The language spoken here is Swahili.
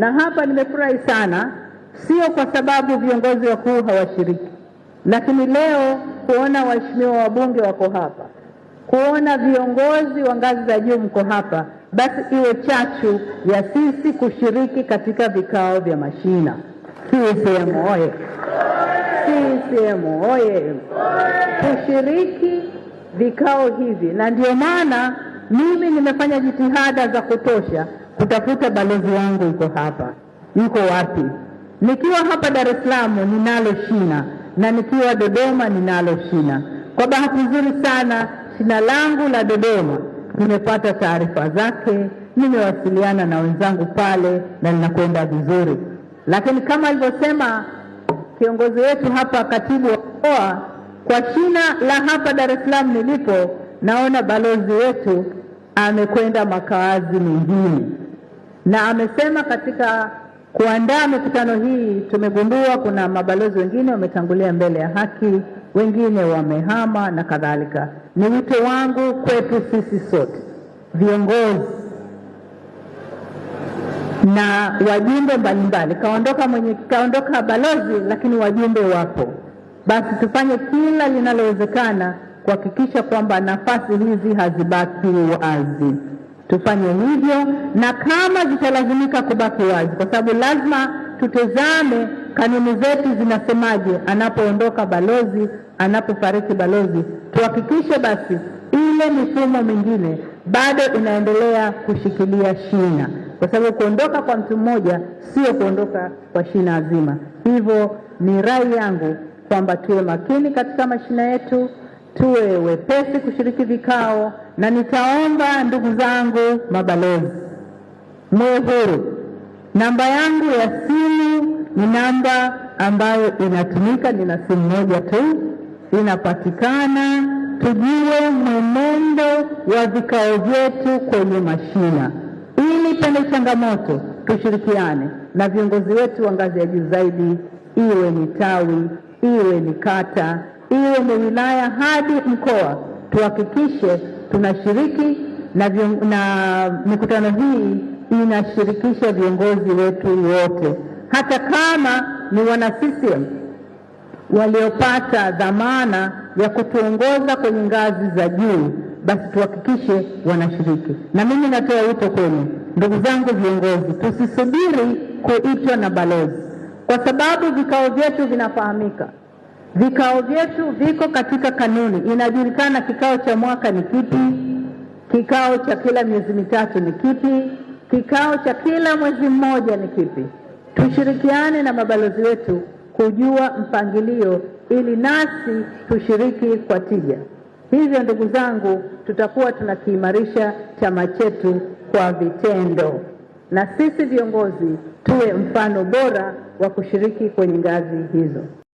Na hapa nimefurahi sana, sio kwa sababu viongozi wakuu hawashiriki, lakini leo kuona waheshimiwa wabunge wako hapa, kuona viongozi wa ngazi za juu mko hapa, basi iwe chachu ya sisi kushiriki katika vikao vya mashina. CCM oye! CCM oye! Kushiriki vikao hivi, na ndio maana mimi nimefanya jitihada za kutosha kutafuta balozi wangu yuko hapa, yuko wapi? Nikiwa hapa Dar es Salaam ninalo shina na nikiwa Dodoma ninalo shina. Kwa bahati nzuri sana shina langu la Dodoma nimepata taarifa zake, nimewasiliana na wenzangu pale na linakwenda vizuri, lakini kama alivyosema kiongozi wetu hapa, katibu wa mkoa, kwa shina la hapa Dar es Salaam nilipo, naona balozi wetu amekwenda makazi mengine na amesema katika kuandaa mikutano hii tumegundua kuna mabalozi wengine wametangulia mbele ya haki, wengine wamehama na kadhalika. Ni wito wangu kwetu sisi sote viongozi na wajumbe mbalimbali, kaondoka mwenye kaondoka balozi, lakini wajumbe wapo, basi tufanye kila linalowezekana kuhakikisha kwamba nafasi hizi hazibaki wazi tufanye hivyo, na kama zitalazimika kubaki wazi, kwa sababu lazima tutazame kanuni zetu zinasemaje, anapoondoka balozi, anapofariki balozi, tuhakikishe basi ile mifumo mingine bado inaendelea kushikilia shina, kwa sababu kuondoka kwa mtu mmoja sio kuondoka kwa shina azima Hivyo ni rai yangu kwamba tuwe makini katika mashina yetu tuwe wepesi kushiriki vikao, na nitaomba ndugu zangu mabalozi, mwe huru. Namba yangu ya simu ni namba ambayo inatumika, nina simu moja tu inapatikana, tujue mwenendo wa vikao vyetu kwenye mashina, ili pende changamoto, tushirikiane na viongozi wetu wa ngazi ya juu zaidi, iwe ni tawi, iwe ni kata iwe ni wilaya hadi mkoa, tuhakikishe tunashiriki na, na mikutano hii inashirikisha viongozi wetu wote, hata kama ni wana CCM waliopata dhamana ya kutuongoza kwenye ngazi za juu, basi tuhakikishe wanashiriki. Na mimi natoa wito kwenu, ndugu zangu viongozi, tusisubiri kuitwa na balozi, kwa sababu vikao vyetu vinafahamika. Vikao vyetu viko katika kanuni, inajulikana kikao cha mwaka ni kipi, kikao cha kila miezi mitatu ni kipi, kikao cha kila mwezi mmoja ni kipi. Tushirikiane na mabalozi wetu kujua mpangilio ili nasi tushiriki kwa tija. Hivyo ndugu zangu, tutakuwa tunakiimarisha chama chetu kwa vitendo, na sisi viongozi tuwe mfano bora wa kushiriki kwenye ngazi hizo.